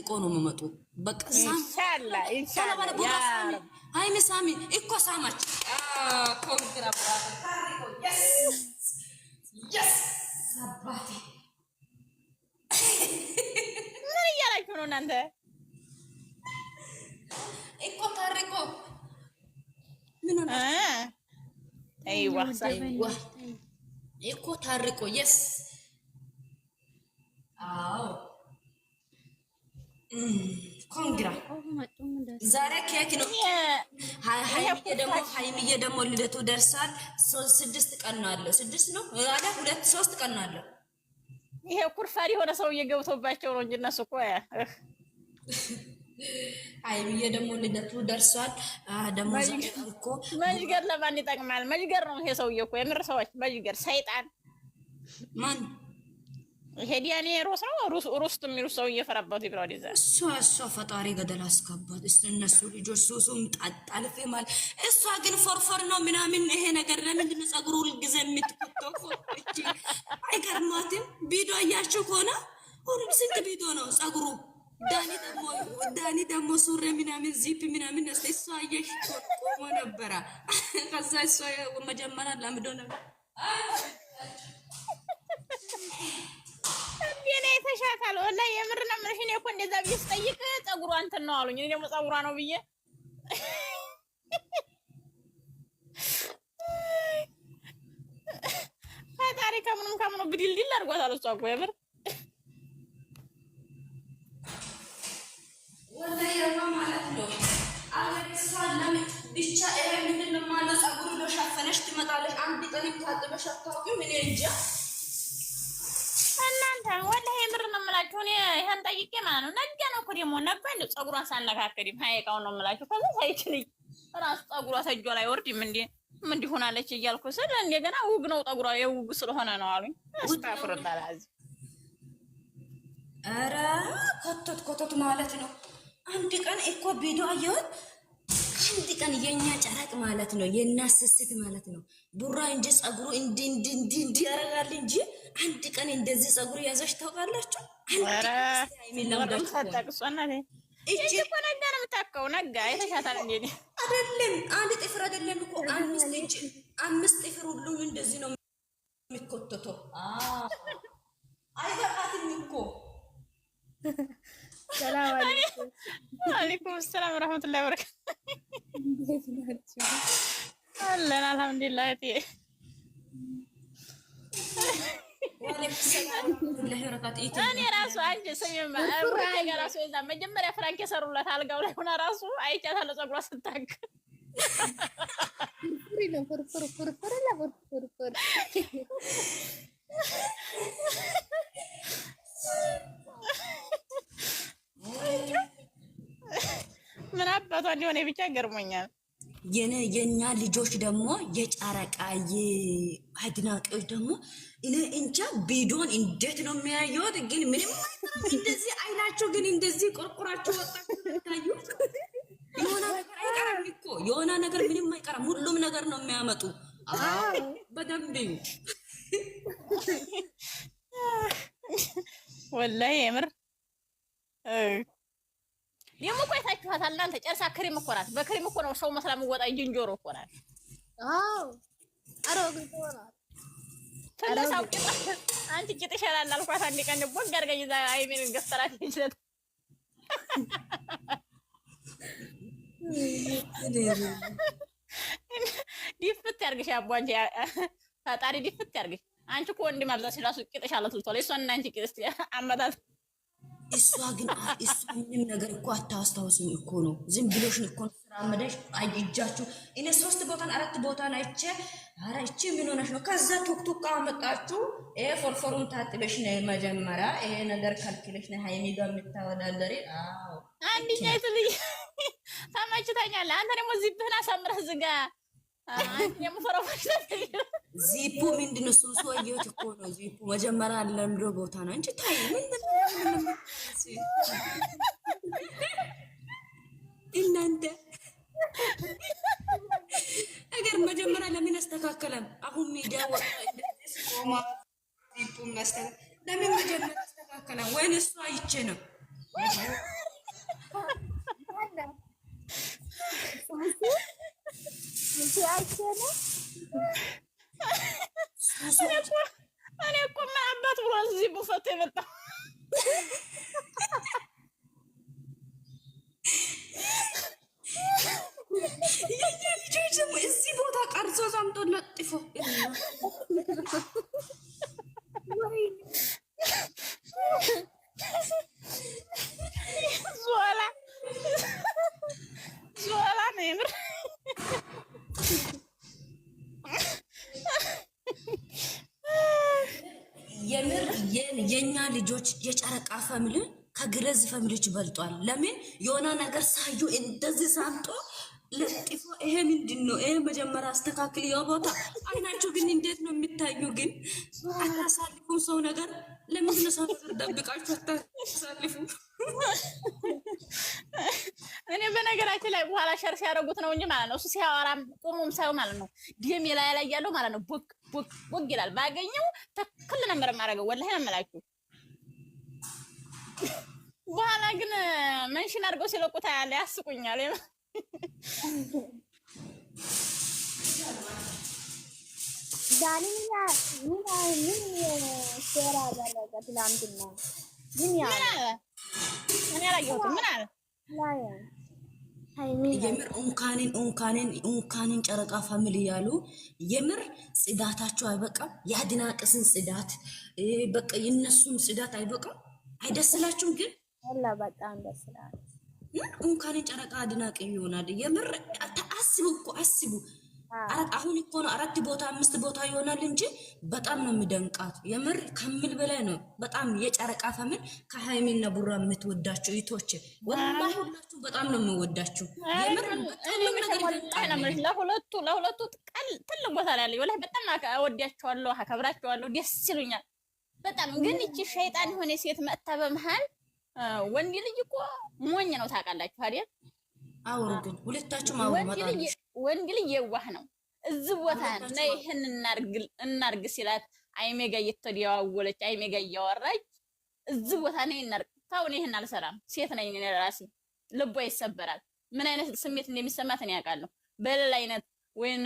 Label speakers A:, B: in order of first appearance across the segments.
A: እኮ ነው የምመጡ። በቃ ሳሚ እኮ ሳማች
B: ምን እያላችሁ ነው እናንተ?
A: እኮ ታሪኮ ምን እኮ ታሪኮ የስ አዎ ኮንግራ ዛሬ ኬክ ነው። ሀይሚዬ ደግሞ ልደቱ ደርሳል። ስድስት ቀን ነው አለው። ስድስት ነው አለ። ሁለት ሶስት ቀን ነው አለው።
B: ይሄ ኩርፋሪ የሆነ ሰውዬ ገብቶባቸው ነው እንጂ እነሱ እኮ
A: ሀይሚዬ ደግሞ ልደቱ ደርሷል። ደግሞ እኮ
B: ለማን ይጠቅማል? መጅገር ነው ይሄ ሰውዬ እኮ የምር ሰዎች ሰይጣን ማን ሄዲያኔ ሩስ ነው ሩስት የሚሉ ሰው እየፈራባቱ ይብራ ወደዛ
A: እሷ እሷ ፈጣሪ ገደል አስገባት። እስ እነሱ ልጆች ሱሱ ጣጣልፍ ማለት እሷ ግን ፎርፎር ነው ምናምን ይሄ ነገር ለምንድን ነው ጸጉሩ ሁልጊዜ የምትቆጠው? ፎቶች አይገርማትም? ቢዶ እያችሁ ከሆነ ሁሉ ስንት ቢዶ ነው ጸጉሩ ዳኒ ደግሞ ዳኒ ደግሞ ሱሪ ምናምን ዚፕ ምናምን ነስ እሷ አየሽ ቆሞ ነበረ። ከዛ እሷ መጀመሪያ ለምዶ ነበር
B: አይተሻታል። ወላሂ የምር ነው የምልሽ። እኔ እኮ እንደዛ ብዬሽ ስጠይቅ ፀጉሯ እንትን ነው አሉኝ። እኔ ደግሞ ፀጉሯ ነው ብዬ ፈጣሪ ከምንም ከምኑ ብድልድል አድርጓታል። እሷ እኮ የምር
A: ብቻ ይሄ ምንድን ነው ማለት ፀጉር ሸፈነሽ ትመጣለሽ። አንድ ቀን ታጥበሽ አታውቂም። እኔ እንጃ
B: እናንተ ወላሂ የምር ነው የምላችሁ። እኔ ይሄን ጠይቄ ማለት ነው ነገ ነው እኮ ደግሞ ነገ እንደው ፀጉሯን ሳልነካከድም ሀይቃውን ነው የምላችሁ። ከዛ ሳይችል ራሱ ፀጉሯ ተጇ ላይ ወርድም እንዴ ምን ሆናለች እያልኩ ስል እንደገና ውግ ነው ጠጉሯ የውግ ስለሆነ ነው አሉኝ። አስታፍርላል አዚ
A: ኧረ ኮቶት ኮቶት ማለት ነው። አንድ ቀን እኮ ቪዲዮ አየሁት አንድ ቀን የኛ ጨረቅ ማለት ነው ስስት ማለት ነው። ቡራ እንጂ ጸጉሩ እንዲ እንዲ እንዲ እንዲ ያረጋል እንጂ አንድ ቀን እንደዚህ ጸጉሩ ያዘሽ ታውቃላችሁ?
B: አይደለም
A: አንድ ጥፍር አይደለም እኮ አምስት እንጂ አምስት ጥፍር ሁሉ እንደዚህ ነው የሚኮተተው። አይበቃትም እኮ
B: ሰላም አለይኩም። ሰላም ወራህመቱላሂ ወበረካቱ። አለን አልሐምዱሊላህ። እቴ እኔ ራሱ አይቼ ስሚማ ራሱ የዛ መጀመሪያ ፍራንክ የሰሩላት አልጋው ላይ ሆና ራሱ አይቻታለሁ ፀጉሯ ስታክ ፍርፍር ምን አባቷ እንዲሆነ ብቻ ገርሞኛል።
A: የኛ ልጆች ደግሞ የጨረቃ አድናቂዎች ደግሞ እኔ እንጃ ቪዲዮን እንዴት ነው የሚያየት? ግን ምንም እንደዚህ አይናቸው ግን እንደዚህ ቆርቁራቸው ወጣታዩት የሆነ ነገር አይቀርም እኮ የሆነ ነገር ምንም አይቀርም። ሁሉም ነገር ነው የሚያመጡ በደንብ
B: ወላሂ የምር ርዕሳ ክሬም እኮ ናት። በክሬም እኮ ነው ሰው መስላ የምወጣ ዝንጀሮ እኮ ናት። ትነሳው አንቺ ቂጥ ይሻላል አልኳት። አንድ ቀን ቦግ አድርገኝ እዛ አይሜንን ገፍተራት ይችላል ዲፍት ያርግሽ አቦ አንቺ ፈጣሪ ዲፍት ያርግሽ። አንቺ እኮ ወንድም አብዛሽ ራሱ ቂጥሽ አለ ትልቷል። እና አንቺ ቂጥ አመታት
A: ግን እሷ ምንም ነገር እኮ አታስታውስም እኮ ነው። ዝም ብሎሽ እኮ ስራመደሽ እጃችሁ እኔ ሶስት ቦታን አራት ቦታን አይቼ ኧረ እቺ ምን ሆነሽ ነው? ከዛ ቱክቱክ አመጣችሁ ፎርፎሩም ታጥበሽ ነው መጀመሪያ ይሄ ነገር ከልክለሽ ነው ሀይሚ ጋር የምታወዳደሪ
B: አንድኛ ይትልኝ ተመችተኛል። አንተ ደግሞ ዚብህን አሳምረህ ዝጋ
A: ዚፑ ምንድን ሱሱ ሰውየውት እኮ ነው። ዚፑ መጀመሪያ አለምዶ ቦታ ነው እንጂ ታይ እናንተ ነገር መጀመሪያ ለምን አስተካከለም? አሁን ሚዲያ ለምን መጀመሪያ አስተካከለም? ወይን እሱ አይቼ ነው ಆಯ್ತು የዮና ልጆች የጨረቃ ፈሚሊ ከግረዝ ፈሚሊዎች በልጧል። ለምን የሆነ ነገር ሳዩ እንደዚህ ሳምጦ ለጥፎ ይሄ ምንድን ነው? ይሄ መጀመሪያ አስተካክል። ያው ቦታ አይናችሁ ግን እንዴት ነው የሚታዩ? ግን አታሳልፉ ሰው ነገር ለምን ነው ሰው ነገር ደብቃችሁ አታሳልፉ?
B: እኔ በነገራችን ላይ በኋላ ሸር ሲያደርጉት ነው እንጂ ማለት ነው እሱ ሲያወራም ቁሙም ሰው ማለት ነው ዲም ላይ ላይ ያለው ማለት ነው ቦግ ቦግ ቦግ ይላል። ባገኘው ተክል ነበር ማድረገው ወላሂ ነው የምላችሁ በኋላ ግን መንሽን አድርገው ሲለቁታ ያለ ያስቁኛል።
A: ዳኒና ምን ሴራ አደረገ የምር እንኳንን እንኳንን እንኳንን ጨረቃ ፋሚሊ እያሉ የምር ጽዳታቸው አይበቃም። የአድናቅስን ጽዳት በቃ የነሱን ጽዳት አይበቃም። አይደስላችሁም? ግን
B: አላ በጣም ደስ ይላል።
A: እንኳን ጨረቃ አድናቂ ይሆናል። የምር አስቡ እኮ አስቡ። አሁን እኮ ነው አራት ቦታ አምስት ቦታ ይሆናል እንጂ በጣም ነው የሚደንቃት። የምር ከምል በላይ ነው። በጣም የጨረቃ ፈምን ከሀይሚና ቡራ የምትወዳችሁ ይቶች ወላ ሁላችሁ በጣም ነው የምወዳችሁ።
B: የምር ለሁለቱ ለሁለቱ ትልቅ ቦታ ላይ ያለ ወላ በጣም ወዳቸዋለሁ፣ አከብራቸዋለሁ። ደስ ይሉኛል በጣም ግን እቺ ሸይጣን የሆነ ሴት መጥታ በመሃል ወንድ ልጅ እኮ ሞኝ ነው ታውቃላችሁ አይደል?
A: አውሩ ግን ሁለታችሁም አውሩ።
B: ወንድ ልጅ የዋህ ነው። እዚህ ቦታ ነው ይሄን እናርግ ሲላት አይሜጋ እየተደዋወለች አይሜጋ እያወራች እዚህ ቦታ ነው እናርግ ታውን ይሄን አልሰራም። ሴት ነኝ እኔ ራሴ ልቧ ይሰበራል። ምን አይነት ስሜት እንደሚሰማት እኔ ያውቃለሁ። በሌላ አይነት ወይን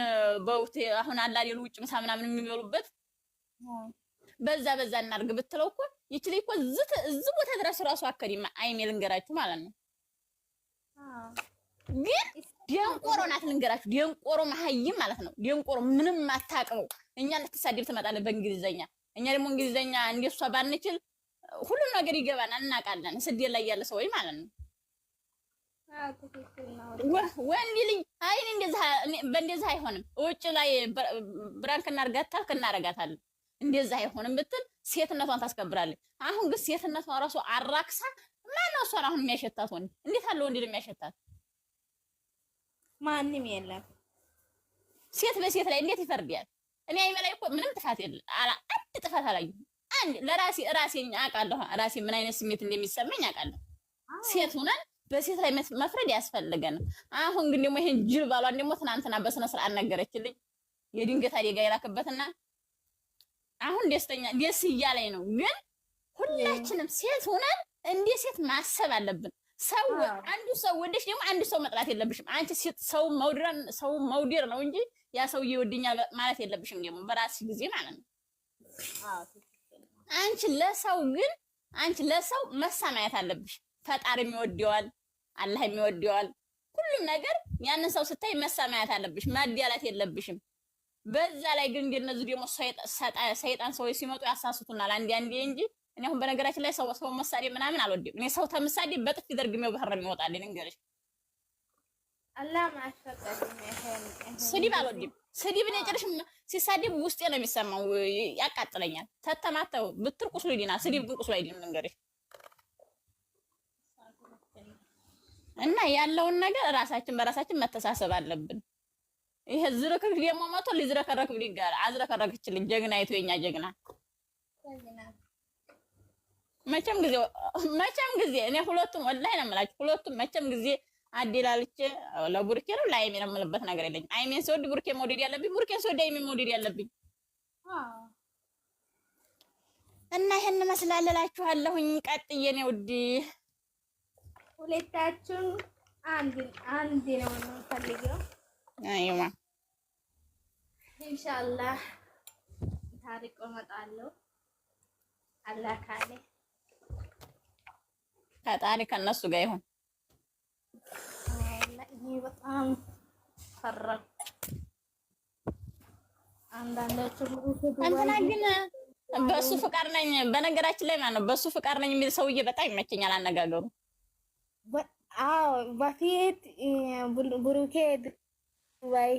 B: በውቴ አሁን አላሌሉ ውጭ ምሳ ምናምን የሚበሉበት በዛ በዛ እናርግ ብትለው እኮ ይችል እኮ እዚህ ቦታ ድረስ ራሱ አከሪ አይሜ ልንገራችሁ ማለት ነው። ግን ደንቆሮ ናት ልንገራችሁ፣ ደንቆሮ መሀይም ማለት ነው። ደንቆሮ ምንም አታቅመው። እኛ ልትሳደብ ትመጣለህ በእንግሊዘኛ። እኛ ደግሞ እንግሊዘኛ እንደሷ ባንችል ሁሉም ነገር ይገባናል፣ እናውቃለን። ስደት ላይ ያለ ሰው ወይ ማለት ነው ወንድ ልጅ አይ በእንደዚህ አይሆንም፣ ውጭ ላይ ብራንክ እናርጋታል፣ እናረጋታለን እንደዛ አይሆንም ብትል ሴትነቷን ታስከብራለች። አሁን ግን ሴትነቷ ራሱ አራክሳ ማነው እሷን አሁን የሚያሸታት ወንድ? እንዴት አለ ወንድ የሚያሸታት? ማንም የለም። ሴት በሴት ላይ እንዴት ይፈርዳል? እኔ አይመ እኮ ምንም ጥፋት የለም። አንድ ጥፋት አላየሁም። አንድ ለራሴ ራሴ አውቃለሁ። ራሴ ምን አይነት ስሜት እንደሚሰማኝ አውቃለሁ። ሴት ሆነን በሴት ላይ መፍረድ ያስፈልገንም። አሁን ግን ደግሞ ይሄን ጅል ባሏን ደግሞ ትናንትና በስነ ስርዓት ነገረችልኝ። የድንገት አደጋ የላክበትና አሁን ደስተኛ ደስ እያለኝ ነው። ግን ሁላችንም ሴት ሆነን እንደ ሴት ማሰብ አለብን። ሰው አንዱ ሰው ወደሽ ደግሞ አንድ ሰው መጥላት የለብሽም። አንቺ ሴት ሰው መውደር ሰው መውደር ነው እንጂ ያ ሰው ይወደኛል ማለት የለብሽም። ደግሞ በራስሽ ጊዜ ማለት ነው። አንቺ ለሰው ግን አንቺ ለሰው መሳማየት አለብሽ። ፈጣሪም ይወደዋል፣ አላህም ይወደዋል። ሁሉም ነገር ያንን ሰው ስታይ መሳማየት አለብሽ። ማዲያላት የለብሽም። በዛ ላይ ግን እንደ እነዚህ ደግሞ ሰይጣን ሰዎች ሲመጡ ያሳስቱናል። አንዴ አንዴ እንጂ እኔ አሁን በነገራችን ላይ ሰው ሰው መሳደብ ምናምን አልወድም። እኔ ሰው ተምሳሌ በጥፊ ደርግሜው ባህር ነው የሚወጣልኝ። እንግዲህ
A: አላህ ማፈቀድ
B: ስድብ አልወድም። ስድብ እኔ ጭራሽ ሲሳደብ ውስጤ ነው የሚሰማው፣ ያቃጥለኛል። ተተማተው ብትር ቁስሉ ይድናል፣ ስድብ ግን ቁስሉ አይድንም። እንግዲህ እና ያለውን ነገር ራሳችን በራሳችን መተሳሰብ አለብን። ይሄ ዝርክርክ ደግሞ መቶ ሊዝረከረክ ብሊ ጋር አዝረከረክችልኝ። ጀግና ይቶ የኛ ጀግና መቼም ጊዜ መቼም ጊዜ እኔ ሁለቱም ወላሂ ነው የምላችሁ፣ ሁለቱም መቼም ጊዜ አዲላልች ለቡርኬ ነው ለአይሜ ነው የምልበት ነገር የለኝ። አይሜን ስወድ ቡርኬ መውደድ ያለብኝ፣ ቡርኬን ስወድ አይሜን መውደድ ያለብኝ እና ይሄን መስላለላችኋለሁኝ። ቀጥዬ ነው ውድ
A: ሁለታችን አንድ አንድ ነው የምንፈልገው ኢንሻአላህ ታሪቆ እመጣለሁ። አላህ ካለ
B: ፈጣሪ ጋር ይሁን።
A: በጣም ፈራሁ።
B: እንትና ግን ፍቃድ ነኝ፣ በነገራችን ላይ ማለት ነው ፍቃድ ነኝ የሚል ሰውዬ በጣም ይመቸኛል አነጋገሩ።
A: አዎ በፊት ብሩኬ ዱባይ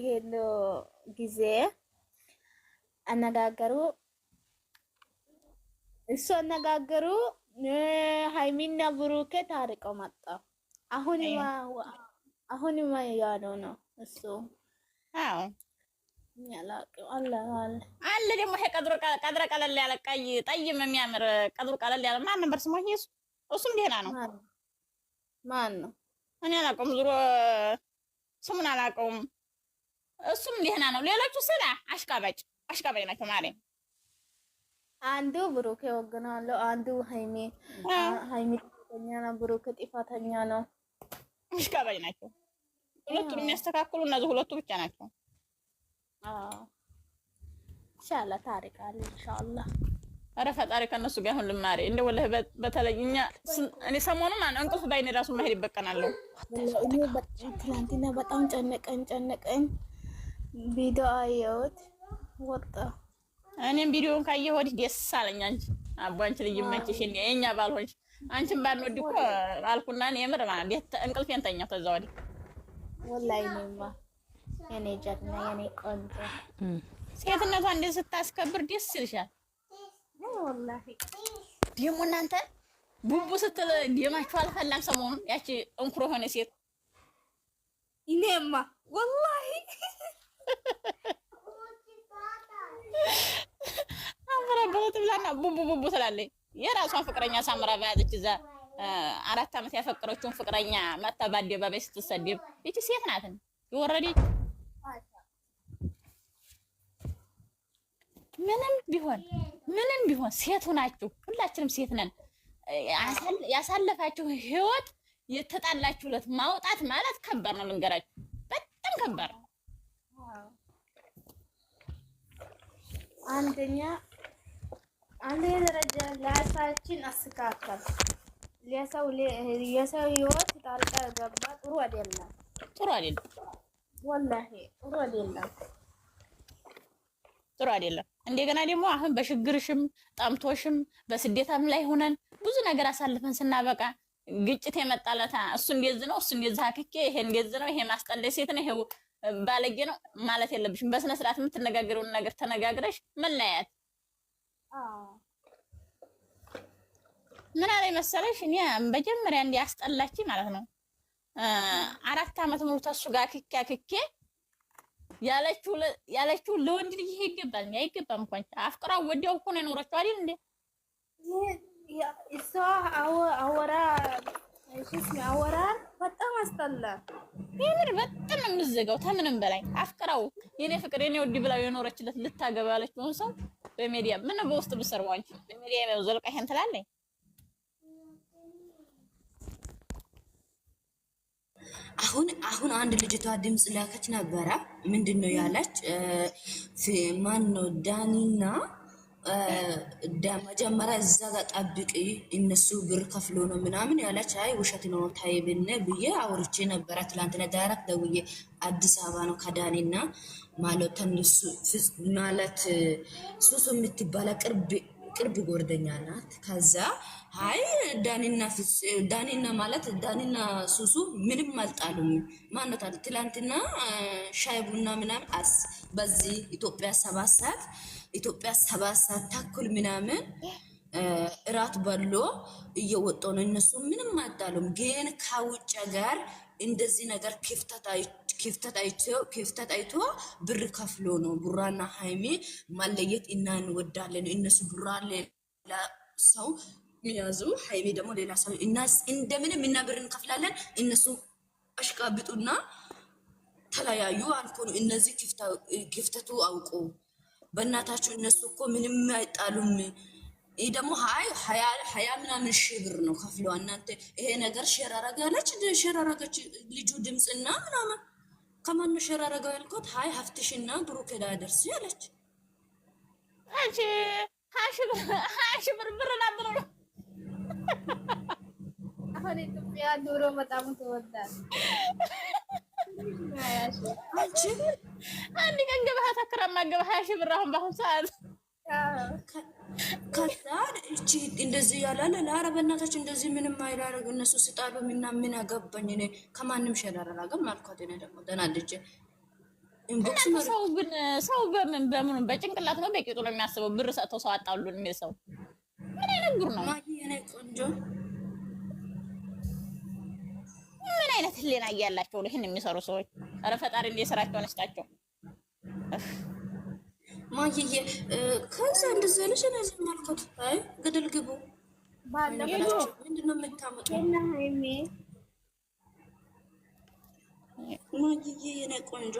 A: ጊዜ አነጋገሩ እሱ አነጋገሩ ሃይሚና ብሩኬ ታርቆ መጣ። አሁንማ አሁንማ ያለው ነው እሱ
B: አዎ አለ ደግሞ ይሄ ቀድሮ ቀለል ያለ ቀይ ጠይም የሚያምር ቀድሮ ቀለል ያለ ማን ነበር ስሙ? እሱ እሱም ደህና ነው። ማን ነው? እኔ አላውቀውም፣ ዙሮ ስሙን አላውቀውም። እሱም ደህና ነው። ሌሎቹ ስላ አሽቃባጭ አሽቃባይ ናቸው ማለት
A: አንዱ ብሩክ ወግናለሁ፣ አንዱ ሃይሜ ሃይሜ ጥፋተኛ ነው፣ ብሩኬ ጥፋተኛ ነው።
B: አሽቃባይ ናቸው ሁለቱም። የሚያስተካክሉ እነዚህ ሁለቱ ብቻ ናቸው።
A: ኢንሻአላህ ታሪክ አለ ኢንሻአላህ።
B: ኧረ ፈጣሪ ከእነሱ ጋር አሁን ልማሬ እንደ ወላሂ በተለይ እኛ እኔ ሰሞኑን ማለት እንቅልፍ ባይኔ ራሱ መሄድ ይበቀናለሁ።
A: ትላንትና በጣም ጨነቀኝ ጨነቀኝ ቪዲዮ አየሁት ወጣ።
B: እኔም ቪዲዮን ካየህ ወዲህ ደስ አለኝ። አንቺ አቦ አንቺ ልጅ መችሽ የኛ ባልሆንሽ አንቺን ባንወድ እኮ አልኩና የምር ማለት እንቅልፌን ተኛሁ። ከዛ ወዲህ
A: ወላሂ እኔማ የኔ ጀግና የኔ ቆንጆ
B: ሴትነቷ እንደዚህ ስታስከብር ደስ ይልሻል። ወላሂ ደግሞ እናንተ ቡቡ ስትል ደማችሁ አልፈላም። ሰሞኑን ያቺ እንኩሮ የሆነ ሴት እኔማ ወላሂ ቡቡ ቡቡ ትላለች። የራሷን ፍቅረኛ ሳምራ በያዘች እዛ አራት ዓመት ያፈቀረችውን ፍቅረኛ መታ በአደባባይ ስትሰደብ ይቺ ሴት ናትን የወረደች ምንም ቢሆን ምንም ቢሆን ሴቱ ናችሁ። ሁላችንም ሴት ነን። ያሳለፋችሁ ህይወት የተጣላችሁለት ማውጣት ማለት ከባድ ነው። ልንገራችሁ፣ በጣም ከባድ ነው።
A: አንደኛ አንዴ ደረጃ ለሳችን ለራሳችን አስተካከል። የሰው ህይወት ጣልቃ ገባ ጥሩ አይደለም፣ ጥሩ አይደለም፣ ወላሂ ጥሩ አይደለም፣
B: ጥሩ አይደለም። እንደገና ደግሞ አሁን በሽግርሽም ጠምቶሽም በስደታም ላይ ሆነን ብዙ ነገር አሳልፈን ስናበቃ ግጭት የመጣለታ እሱ እንደዚህ ነው፣ እሱ እንደዚህ አክኬ፣ ይሄ እንደዚህ ነው፣ ይሄ ማስጠለይ ሴት ነው፣ ይሄ ባለጌ ነው ማለት የለብሽም። በስነ ስርዓት የምትነጋገረውን ነገር ተነጋግረሽ መለያየት ምን አለኝ መሰለሽ፣ እኔ መጀመሪያ እንዲ አስጠላች ማለት ነው። አራት አመት ሙሉ ተሱ ጋር ክኬ ክኬ ያለችው ያለችው ለወንድ ልጅ ይሄ ይገባል ነው አይገባም? እንኳን አፍቅራ ወዲያው እኮ ነው የኖረችው አይደል እንዴ?
A: እሷ አወራ አወራ በጣም አስጠላ።
B: የምር በጣም የምዘጋው ከምንም በላይ አፍቅራው የኔ ፍቅር የኔ ወዲ ብላው የኖረችለት ልታገባ ያለችውን ሰው በሚዲያ ምን በውስጥ ብትሰርቡ አንቺ በሚዲያ ነው ዘልቃ ይሄን ትላለኝ።
A: አሁን አሁን አንድ ልጅቷ ድምፅ ላከች ነበረ። ምንድን ነው ያለች? ማን ነው ዳኒና መጀመሪያ እዛ ጋር ጠብቂ፣ እነሱ ብር ከፍሎ ነው ምናምን ያለች። አይ ውሸት ነው ታይ ብዬ አውርቼ ነበረ። ትላንትና ዳይሬክት ደውዬ አዲስ አበባ ነው ከዳኔና ማለት ተንሱ ማለት ሱሱ የምትባለ ቅርብ ጎርደኛ ናት። ከዛ አይ ዳኒና ማለት ዳኒና ሱሱ ምንም አልጣሉም። ማነት ትላንትና ሻይ ቡና ምናምን በዚህ ኢትዮጵያ ሰባት ሰዓት ኢትዮጵያ ሰባት ሰዓት ተኩል ምናምን እራት በሎ እየወጡ ነው። እነሱ ምንም አዳሉም፣ ግን ከውጭ ጋር እንደዚህ ነገር ክፍተት አይቶ ብር ከፍሎ ነው። ቡራና ሀይሜ ማለየት እና እንወዳለን። እነሱ ቡራ ሌላ ሰው ያዙ፣ ሀይሜ ደግሞ ሌላ ሰው እና እንደምንም እና ብር እንከፍላለን። እነሱ አሽቃብጡና ተለያዩ አልኮኑ። እነዚህ ክፍተቱ አውቁ በእናታችሁ እነሱ እኮ ምንም አይጣሉም። ይህ ደግሞ ሀይ ሀያ ምናምን ሺህ ብር ነው ከፍለ እናንተ ይሄ ነገር ሼር አረጋለች ሼር አረገች ልጁ ድምፅና ምናምን ከማን ነው ሼር አረጋው ያልኮት? ሀይ ሀፍትሽና ብሩክ ላደርስ ያለች
B: አንቺ ሀሽ ብር ብር ና ነው
A: አሁን ኢትዮጵያ ዶሮ በጣም ትወዳል።
B: አንድ ቀን ገበያ ታከራማ ገበያ ሀያ ሺህ ብር አሁን በአሁን ሰዓት
A: ከዛ እቺ እንደዚህ ያላለ ኧረ በእናታችን እንደዚህ ምንም አይላረግ እነሱ ስጣሉ ምና ምን አገባኝ እኔ ከማንም ሸላር አላገም አልኳት። እኔ ደግሞ ተናድጄ
B: ሰው ግን ሰው በምን በምኑ በጭንቅላት ነው በቂጡ ነው የሚያስበው። ብር ሰጥተው ሰው አጣሉን የሚል ሰው ምን አይነት ጉር ነው? ቆንጆ ምን አይነት ህሊና እያላቸው ይህን የሚሰሩ ሰዎች? ኧረ ፈጣሪ እንደ ስራቸውን እስጣቸው።
A: ማየዬ ከዛ እንደዛ ልጅ ነው ያልኩት። አይ ገደል ግቡ
B: ምንድነው
A: የምታመጡት? ማየዬ የኔ ቆንጆ